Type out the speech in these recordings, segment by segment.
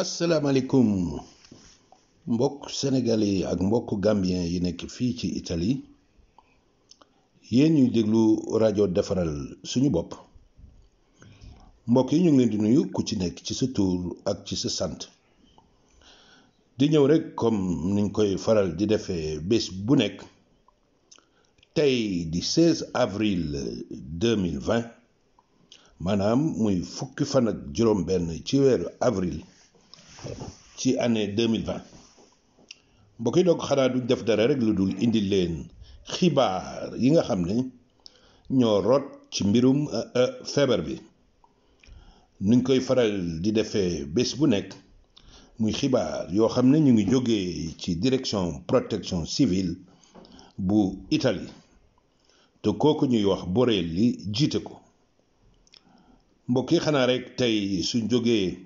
asalaamaaleykum mbokk sénégalais yi ak mbokk gambien yi nekk fii ci Italie yéen ñuy déglu rajo defaral suñu bopp mbokk yi ñu ngi leen di nuyu ku ci nekk ci sa tur ak ci sa sant di ñëw rek comme niñ koy faral di defee bés bu nekk tey di 16 avril 2020 maanaam muy fukki fan ak juróom benn ci weeru avril ci année 2020 mbokk yi donc xanaa duñ def dara rek lu dul indi leen xibaar yi nga xam ne ñoo rot ci mbirum euh, euh, feebar bi nuñ koy faral di defee bés bu nekk muy xibaar yoo xam ne ñu ngi jógee ci direction protection civile bu Italie te kooku ñuy wax li jiite ko mbokk yi xanaa rek tey suñ jógee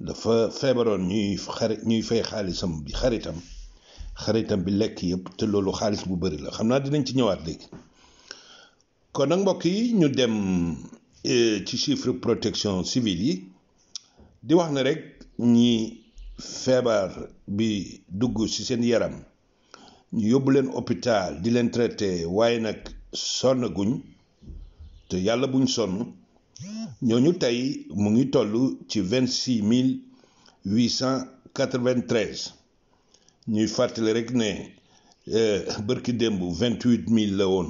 dafa feebaroon ñuy xarit ñuy fay xaalisam bi xaritam xaritam bi lekk yëpp te loolu xaalis bu bari la xam naa dinañ ci ñëwaat léegi kon nag mbokk yi ñu dem e, ci chiffre protection civile yi di wax na rek ñi feebar bi dugg ci seen yaram ñu yóbbu leen hôpital di leen traité waaye nag sonn guñ te yàlla buñ sonn ñooñu tey mu ngi tollu ci vingt six mille huit cent quatre vingt treize ñuy fàttali rek ne euh, bërki démb vingt huit mille la woon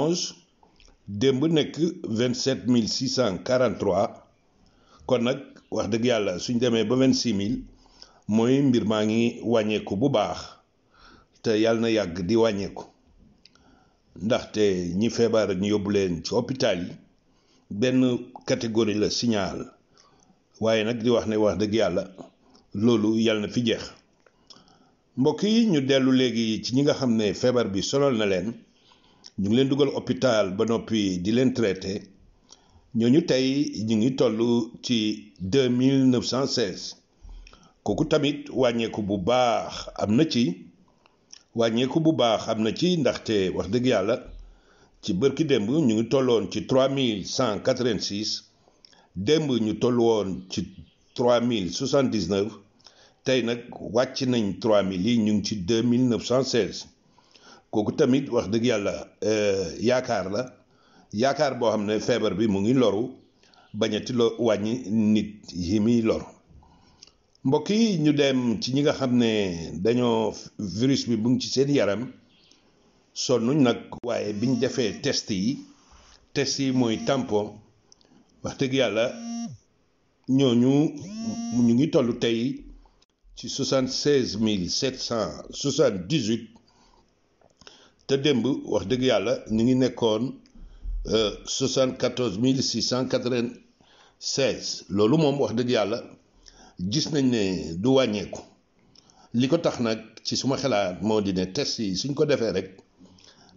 onze démb nekk vingt sept mille six cent quarante trois kon nag wax dëgg yàlla suñ demee ba vingt six mille mooy mbir maa ngi wàññeeku bu baax te yàlla na yàgg di wàññeeku ndaxte ñi feebar ñu yóbbu leen ci hôpital yi. benn catégorie la signal waaye nag di wax ne wax dëgg yàlla loolu yàlla na fi jeex mbokk yi ñu dellu léegi ci ñi nga xam ne feebar bi sonal na leen ñu ngi leen dugal hôpital ba noppi di leen traité ñooñu tey ñu ngi tollu ci deux mille neuf kooku tamit wàññeeku bu baax am na ci wàññeeku bu baax am na ci ndaxte wax dëgg yàlla. ci bërki démb ñu ngi tolloon ci 3186 démb ñu tolloon ci 3079 tey nag wàcc nañ 3000 yi ñu ngi ci 2916 kooku tamit wax dëgg yàlla euh, yaakaar la yaakaar boo xam ne feebar bi mu ngi loru bañati lo wàññi nit yi muy loru mbokk yi ñu dem ci ñi nga xam ne dañoo virus bi bu ngi ci seen yaram sonnuñ nag waaye bi biñ defee test yi test yi mooy tampon wax dëgg yàlla ñooñu ñu ngi toll tey ci soixante seize mille sept cent soixante te démb wax dëgg yàlla ñu ngi nekkoon euh, soixante quatorze mille six cent quatre loolu moom wax dëgg yàlla gis nañ ne du wàññeeku li ko tax nag ci suma xalaat moo di ne test yi suñ ko defee rek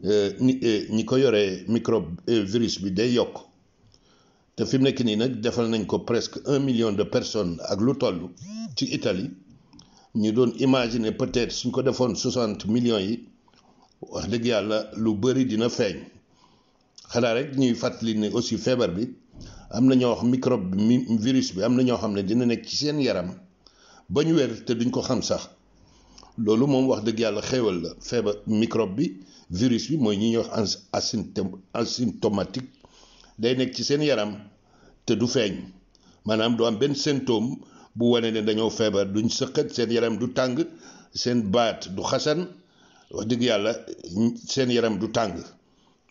Eh, eh, ñi ko yoree microbe eh, virus bi day yokk te fi mu nekk nii nag defal nañ ko presque un million de personnes ak lu toll ci Italie ñu doon imaginer peut-être suñ ko defoon soixante millions yi wax dëgg yàlla lu bëri dina feeñ xanaa rek ñuy fàttali ne aussi feebar bi am na ñoo wax microbe bi virus bi am na ñoo xam ne dina nekk ci seen yaram ba ñu wér te duñ ko xam sax. loolu moom wax dëgg yàlla xewal la feebar microbe bi virus bi mooy ñi ñuy wax asymptomatique day nekk ci seen yaram te du feeñ maanaam du am benn symptôme bu wane ne dañoo feebar duñ sëqat seen yaram du tàng seen baat du xasan wax dëgg yàlla seen yaram du tàng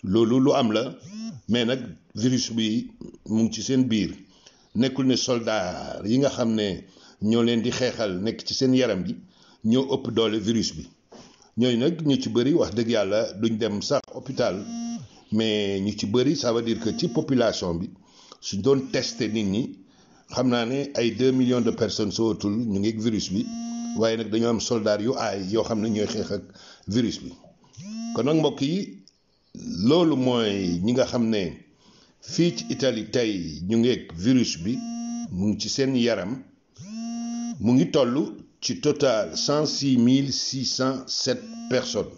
loolu lu am la mais nag virus bi mu ngi ci seen biir nekkul ne soldaar yi nga xam ne ñoo leen di xeexal nekk ci seen yaram bi ñoo ëpp doole virus bi ñooñu nag ñu ci bëri wax dëgg yàlla duñ dem sax hôpital mais ñu ci bëri ça veut dire que ci population bi suñ doon tester nit ñi xam naa ne ay deux millions de personnes sootul ñu ngi virus bi waaye nag dañoo am soldat yu aay yoo xam ne ñooy xeex ak virus bi kon nag mbokk yi loolu mooy ñi nga xam ne fii ci Italie tey ñu ngi virus bi mu ngi ci seen yaram mu ngi toll total 106 607 personnes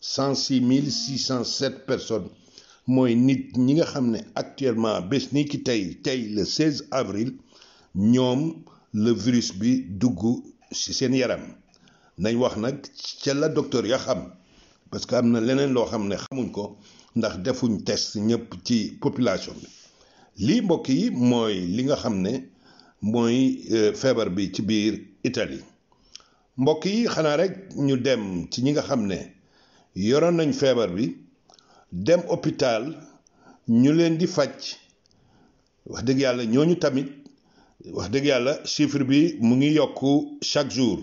106 607 personnes Moi, nit ñi nga xamné actuellement bés ni ki tay tay le 16 avril ñom le virus bi dugg ci seen yaram nañ wax nak ci la docteur ya xam parce que nous leneen lo xamné xamuñ ko ndax defuñ test ñëpp ci population bi lii mbokk yi moy li nga xamné moy euh, bi ci Italie mbokk yi xanaa rek ñu dem ci ñi nga xam ne yoroon nañ feebar bi dem hôpital ñu leen di faj wax dëgg yàlla ñooñu tamit wax dëgg yàlla chiffre bi mu ngi yokk chaque jour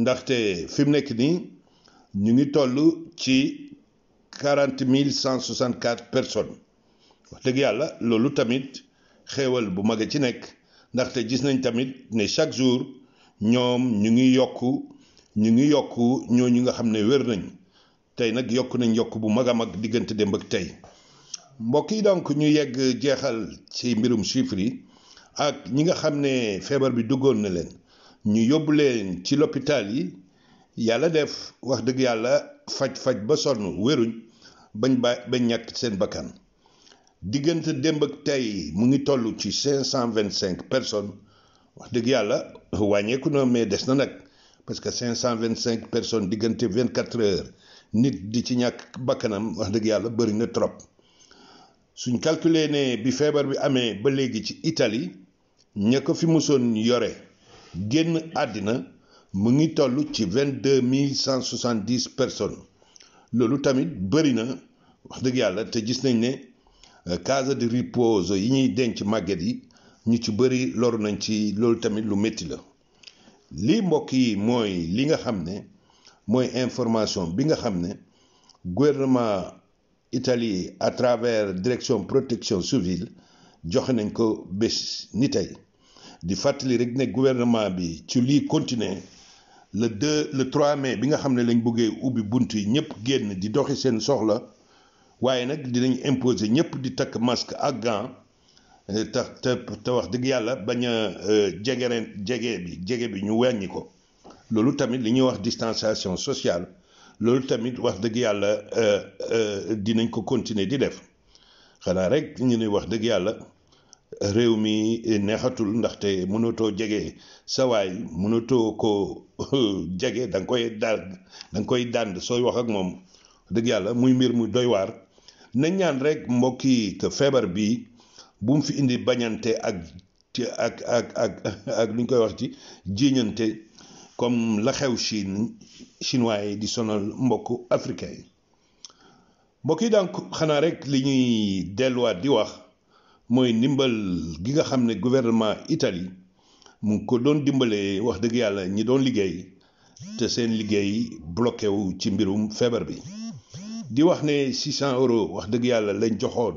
ndaxte fi mu nekk nii ñu ngi toll ci quarante mille cent soixante quatre personnes wax dëgg yàlla loolu tamit xéewal bu mag a ci nekk ndaxte gis nañ tamit ne chaque jour. ñoom ñu ngi yokk ñu ngi yokk ñu nga xam ne wér nañ tey nag yokk nañ yokk bu mag a mag diggante démb ak tey mbokk yi donc ñu yegg jeexal ci mbirum chiffres yi ak ñi nga xam ne feebar bi duggoon na leen ñu yóbbu leen ci l'hôpital yi yàlla def wax dëgg yàlla faj-faj ba sonn wéruñ bañ ba bañ ñàkk seen bakkan diggante démb ak tey mu ngi toll ci 525 personnes wax dëgg yàlla wàññeeku na mais des na nag parce que 525 personnes diggante 24 heures nit di ci ñàkk bakkanam wax dëgg yàlla bëri na trop suñ calculer ne bi feebar bi amee ba léegi ci Italie ña ko fi musoon yore génn àddina mu ngi toll ci 22 170 personnes loolu tamit bëri na wax dëgg yàlla te gis nañ ne euh, case de riposo yi ñuy denc màgget yi. ñu ci bëri loru nañ ci loolu tamit lu métti la lii mbokk yi mooy li nga xam ne mooy information bi nga xam ne gouvernement Italie à travers direction protection civile joxe nañ ko bés ni tey di fàttali rek ne gouvernement bi ci lii continuer le 2 le trois mai bi nga xam ne lañ bëggee ubbi bunt yi ñëpp génn di doxi seen soxla waaye nag dinañ imposer ñëpp di takk masque ak gan tax te wax dëgg yàlla bañ a euh, jege ren jege bi jege bi ñu wàññi ko loolu tamit li ñuy wax distanciation sociale loolu tamit wax dëgg yàlla euh, euh, dinañ ko continuer di def xanaa rek ñu ne wax dëgg yàlla réew mi neexatul ndaxte mënatoo jege sawaay mënatoo ko jege da koy daan koy dànd sooy wax ak moom dëgg yàlla muy mbir mu doy waar nañ ñaan rek mbokk yi que feebar bi bu mu fi indi bañante ak ak ak ak ak lu ñu koy wax ci jiiñante comme la xew Chine chinois yi di sonal mbokk africain yi mbokk yi donc xanaa rek li ñuy delluwaat di wax mooy ndimbal gi nga xam ne gouvernement Italie mu ngi ko doon dimbalee wax dëgg yàlla ñi doon liggéey te seen liggéey bloqué wu ci mbirum feebar bi di wax ne si 600 euro wax dëgg yàlla lañ joxoon.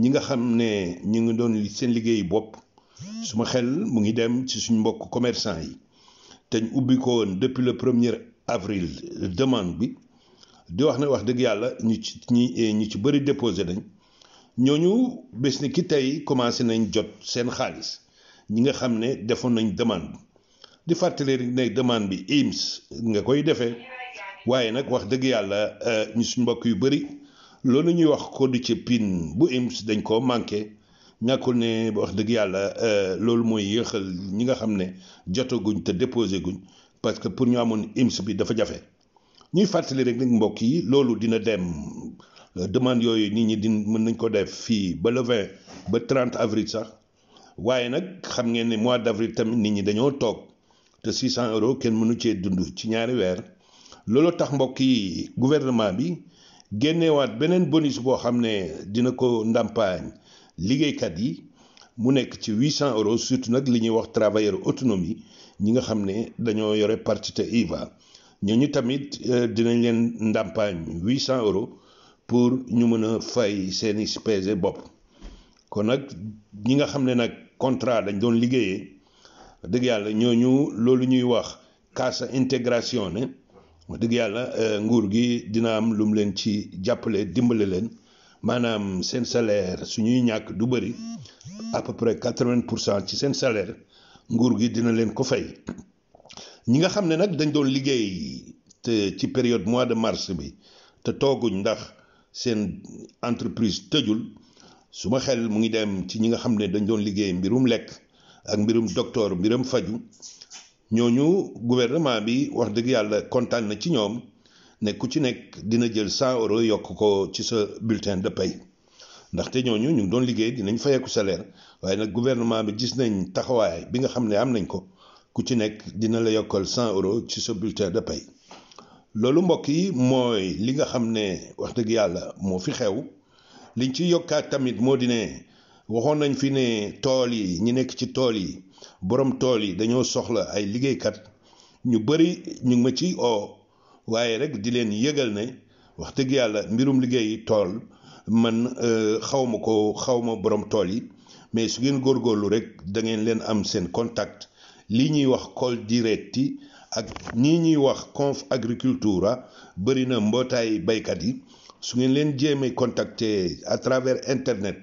ñi nga xam ne ñu ngi doon seen liggéey bopp suma xel mu ngi dem ci suñ mbokk commerçant yi te ñu ubbi ko woon depuis le premier avril demande bi di wax ne wax dëgg yàlla ñu ci ñi ñu ci bëri déposé nañ ñooñu bés ni ki tey commencé nañ jot seen xaalis ñi nga xam ne defoon nañ demande di fàttali rek ne demande bi IMS nga koy defee waaye nag wax dëgg yàlla euh, ñu suñ mbokk yu bëri. loolu ñuy wax codicépine bu IMS dañ koo manqué ñàkkul ne wax dëgg yàlla euh, loolu mooy yéexal ñi nga xam ne jotaguñ te déposé guñ parce que pour ñu amoon IMS bi dafa jafe ñuy fàttali rek nag mbokk yi loolu dina dem demande yooyu nit ñi di mën nañ koo def fii ba le 20 ba 30 avril sax waaye nag xam ngeen ne mois d' avril tamit nit ñi dañoo toog te 600 euros kenn mënu cee dund ci ñaari weer loolu tax mbokk yi gouvernement bi. génnewaat beneen bonus boo xam ne dina ko ndàmpaañ liggéeykat yi mu nekk ci 800 euros surtout nag li ñuy wax travailleur autonomie ñi nga xam ne dañoo yore partie te IVA ñooñu tamit euh, dinañ leen ndàmpaañ 800 euros pour ñu mën a fay seeni pese bopp kon nag ñi nga xam ne nag contrat dañ doon liggéeyee dëgg yàlla ñooñu loolu ñuy wax cassa intégration ne wax dëgg yàlla euh, nguur gi dina am lu mu leen ci jàppale dimbale leen maanaam seen salaire suñuy ñàkk du bëri à peu près quatre-vingt pour cent ci seen salaire nguur gi dina leen ko fay ñi nga xam ne nag dañ doon liggéey te ci période mois de mars bi te tooguñ ndax seen entreprise tëjul su ma xel mu ngi dem ci ñi nga xam ne dañ doon liggéey mbirum lekk ak mbirum docteur mbirum faju ñooñu gouvernement bi wax dëgg yàlla kontaan na ci ñoom ne ku ci nekk dina jël cent euros yokk ko ci sa bulletin de paie ndaxte ñooñu ñu ngi doon liggéey dinañ fayeeku salaire waaye nag gouvernement bi gis nañ taxawaay bi nga xam ne am nañ ko ku ci nekk dina la yokkal cent euro ci sa bulletin de paie loolu mbokk yi mooy li nga xam ne wax dëgg yàlla moo fi xew liñ ci yokkaat tamit moo di waxoon nañ fi ne tool yi ñu nekk ci tool yi borom tool yi dañoo soxla ay liggéeykat ñu bëri ñu ma ci oo waaye rek di leen yëgal ne wax dëgg yàlla mbirum liggéey tool man euh, xaw ma ko xawma ma borom tool yi mais su ngeen góorgóorlu rek da ngeen leen am seen contact lii ñuy wax col diretti ak ñii ñuy wax conf agricultura bëri na mbootaayu baykat yi su ngeen leen jéemee contacter à travers internet.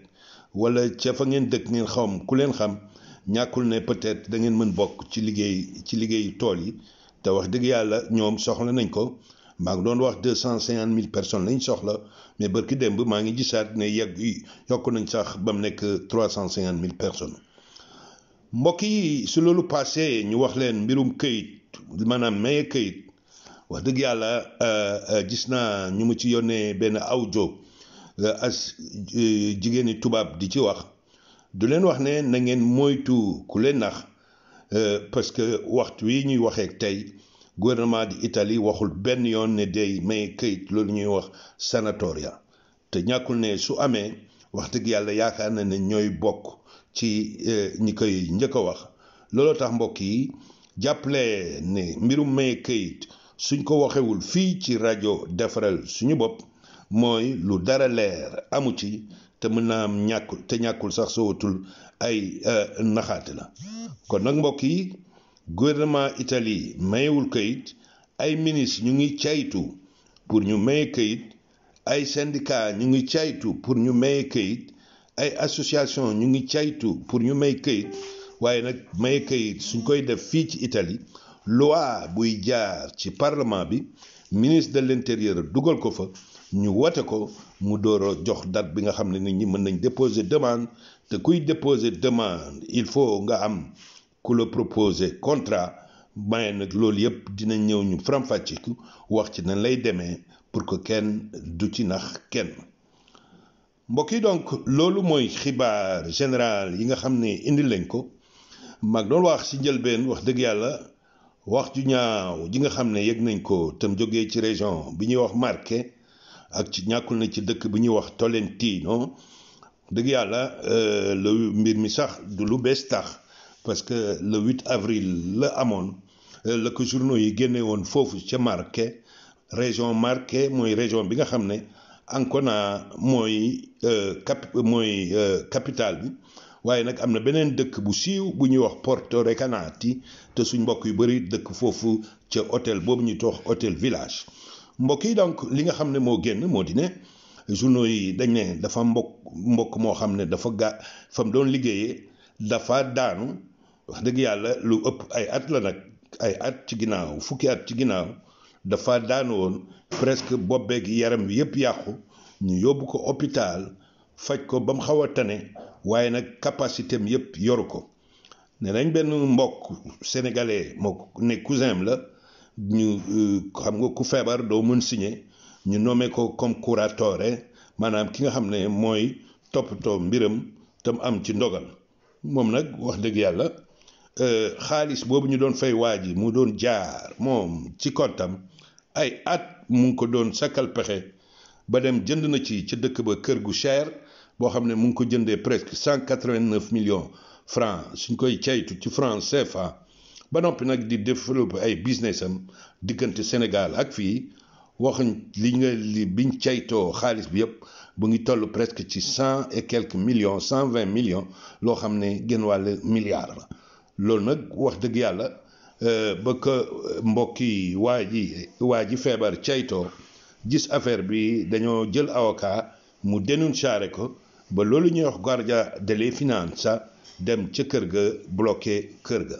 wala ca fa ngeen dëkk ngeen xawam ku leen xam ñàkkul ne peut-être da ngeen mën bokk ci liggéey ci liggéey tool yi te wax dëgg yàlla ñoom soxla nañ ko maa ngi doon wax deux cent cinquante mille personnes lañ soxla mais barki démb maa ngi gisaat ne yegg yokk nañ sax ba mu nekk trois cent cinquante mille personnes mbokk yi su loolu passé ñu wax leen mbirum këyit maanaam maye këyit wax dëgg yàlla euh, euh, gis naa ñu mu ci yónnee benn audio Euh, as euh, jigéeni tubaab di ci wax du leen wax ne nangeen ngeen moytu ku leen nax euh, parce que waxtu wi ñuy waxee tey gouvernement di itali waxul benn yoon ne day may këyit loolu ñuy wax sanatoria te ñàkkul ne su amee wax dëgg yàlla yaakaar na ne ñooy bokk ci ñi koy njëkk a wax looloo tax mbokk yi jàppale ne mbirum may këyit suñ ko waxewul fii ci rajo defaral suñu bopp mooy lu dara leer amu ci te mën naa am ñàkkul te ñàkkul sax soowatul ay euh, naxaate la kon nag mbokk yi gouvernement Italie mayewul kayit ay ministre ñu ngi cayitu pour ñu maye kayit ay syndicat ñu ngi caytu pour ñu maye kayit ay association ñu ngi caytu pour ñu may kayit waaye nag maye kayit suñ koy def fii ci Italie loi buy jaar ci parlement bi ministre de l'intérieur dugal ko fa Nous wote ko mu door a jox date bi nga ne ñi déposer te il faut nga am ku la proposer contrat maye nag loolu yëpp dina ñëw ñu wax ci lay pour que kenn du ci nax kenn donc loolu mooy xibaar général yi nga xam indi lañ ko mag doon wax ci njëlbeen wax dëgg yàlla wax ju ñaaw ji nga nañ ko ak ci ñàkkul na ci dëkk bi ñuy wax Tolentino dëgg yàlla euh, le mbir mi sax du lu bees tax parce que le 8 avril la amoon euh, la ko journaux yi génne woon foofu ca Marche région Marche mooy région bi nga xam ne Ancona mooy euh, cap mooy capitale bi waaye nag am na beneen dëkk bu siiw bu ñuy wax Porto Recanati te suñ mbokk yu bari dëkk foofu ca hôtel boobu ñu toox hôtel village mbokk yi donc li nga xam ne moo génn moo dine ne journaux yi dañ ne dafa mbokk mbokk moo xam ne dafa gaa fa mu doon liggéeyee dafa daanu wax dëgg yàlla lu ëpp ay at la nag ay at ci ginnaaw fukki at ci ginnaaw dafa daanu woon presque bobbeeg yaram bi yëpp yàqu ñu yóbbu ko hôpital faj ko ba mu xaw a tane waaye nag capacité am yëpp yoru ko ne nañ benn mbokk sénégalais moo ne cousin la. ñu euh, xam nga ku feebar doo mën signé ñu nommé ko comme curatore maanaam ki nga xam ne mooy toppatoo mbiram tam am ci ndogal moom nag wax dëgg yàlla euh, xaalis boobu ñu doon fay waa ji mu doon jaar moom ci kontam ay at mu ngi ko doon sakkal pexe ba dem jënd na ci ca dëkk ba kër gu cher boo xam ne mu ngi ko jëndee presque cent quatre-vingt-neuf suñ koy ceytu ci franc CFA. ba noppi nag di développer ay business am diggante Sénégal ak fii waxuñ li nga li biñ caytoo xaalis bi yëpp bu ngi toll presque ci cent et quelques millions cent vingt millions loo xam ne gën wàll milliard la loolu nag wax dëgg yàlla euh, ba ko mbokki waa ji feebar caytoo gis affaire bi dañoo jël avocat mu dénoncé ko ba loolu ñuy wax guardia delle sa dem ca kër ga bloqué kër ga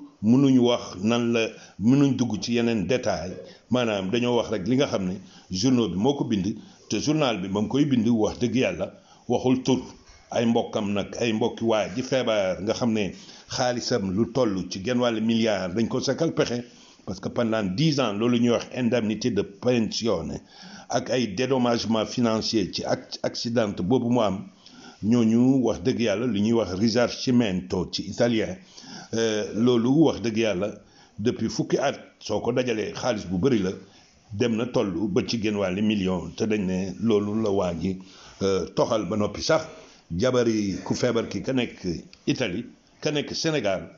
mënuñ wax nan la mënuñ dugg détail dañoo wax rek li nga ne journal bi moo bind te journal bi ba koy bind wax dëgg yàlla waxul tur ay lu ci milliard dañ ko parce que pendant dix ans loolu indemnité de pension ak ay dédommagement financier ci accident boobu mu ñoo ñu wax dëgg yàlla li ñuy wax risarcimento ci italien euh, loolu wax dëgg yàlla depuis fukki at soo ko dajalee xaalis bu bari la dem na toll ba ci génn wàlli million te dañ ne loolu la waa ji euh, toxal ba noppi sax jabari ku feebar ki ka nekk itali ka nekk Sénégal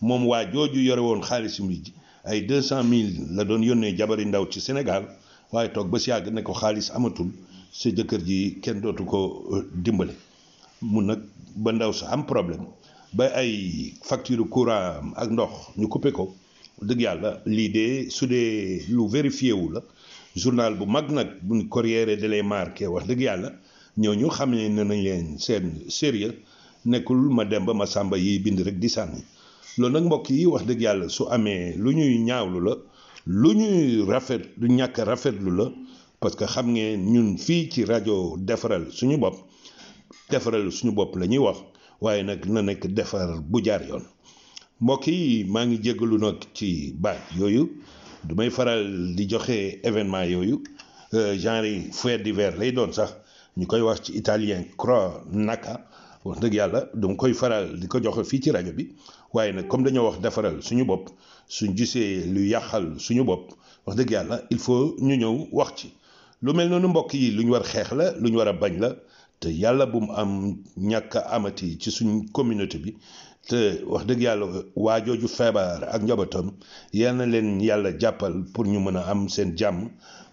moom waa jooju yore woon xaalis mi ay deux cent mille la doon yónnee jabari ndaw ci Sénégal waaye toog ba si yàgg ne ko xaalis amatul sa jëkkër ji kenn dootu ko euh, dimbali mu nag ba ndaw sa am problème ba ay facture courant ak ndox ñu coupé ko dëgg yàlla lii de su dee lu vérifié wu la journal bu mag nag buñ Corriere delle Marche wax dëgg yàlla ñoo ñu xam ne ne nañ leen seen sérieux nekkul ma dem ba ma sàmba yiy bind rek di sànni loolu nag mbokk yi wax dëgg yàlla su amee lu ñuy ñaawlu la lu ñuy rafet lu ñàkk rafetlu la parce que xam ngeen ñun fii ci rajo defaral suñu bopp defaral suñu bopp la ñuy wax waaye nag na nekk defar bu jaar yoon mbokk yi maa ngi jégalu nag ci baat yooyu du may faral di joxe événement yooyu euh, genre fait ver lay doon sax ñu koy wax ci italien cro naka wax dëgg yàlla dama koy faral di ko joxe fii ci rajo bi waaye nag comme dañoo wax defaral suñu bopp suñ gisee lu yàqal suñu bopp wax dëgg yàlla il faut ñu ñëw wax ci lu mel noonu mbokk yi lu ñu war xeex la lu ñu war a bañ la te yàlla bu mu am ñàkk amati ci suñu communauté bi te wax dëgg yàlla waa jooju feebar ak njabootam yal na leen yàlla jàppal pour ñu mën a am seen jàmm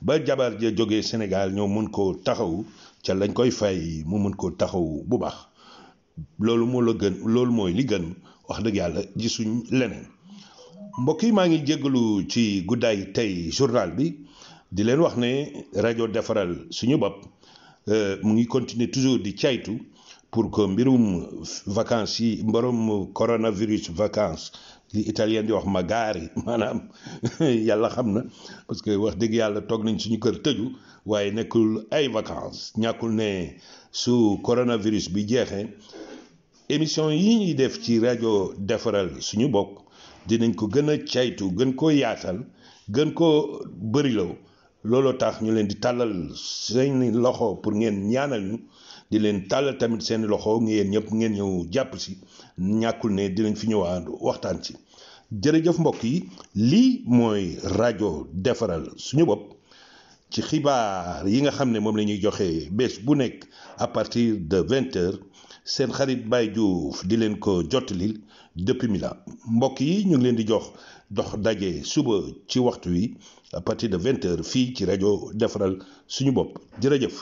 ba jabar ja jógee Sénégal ñoo mën koo taxawu ca lañ koy fay mu mën koo taxawu bu baax loolu moo la gën loolu mooy li gën wax dëgg yàlla ji gisuñ leneen mbokk yi maa ngi jéggalu ci guddaay tey journal bi di leen wax ne rajo defaral suñu bopp. Euh, mu ngi continuer toujours di caytu pour que mbirum vacances yi coronavirus vacances li italien di wax magaari parce yàlla parce que wax suñu kër ay vacances ñakul ne su coronavirus bi jexé émission yi ñi def ci radio suñu ko looloo tax ñu leen di tàllal seeni loxo pour ngeen ñaanal ñu di leen tàllal tamit seeni loxo ngeen ñëpp ngeen ñëw jàpp si ñàkkul ne di dinañ fi ñëwaat waxtaan ci jërëjëf mbokk yi lii mooy rajo defaral suñu bopp ci xibaar yi nga xam ne moom la ñuy joxe bés bu nekk à partir de vingt heures seen xarit Baye Diouf di leen ko jottalil depuis Milan mbokk yi ñu ngi leen di jox dox daje suba ci waxtu wi. à partir de vingt heures fii ci rajo defaral suñu bopp jërëjëf.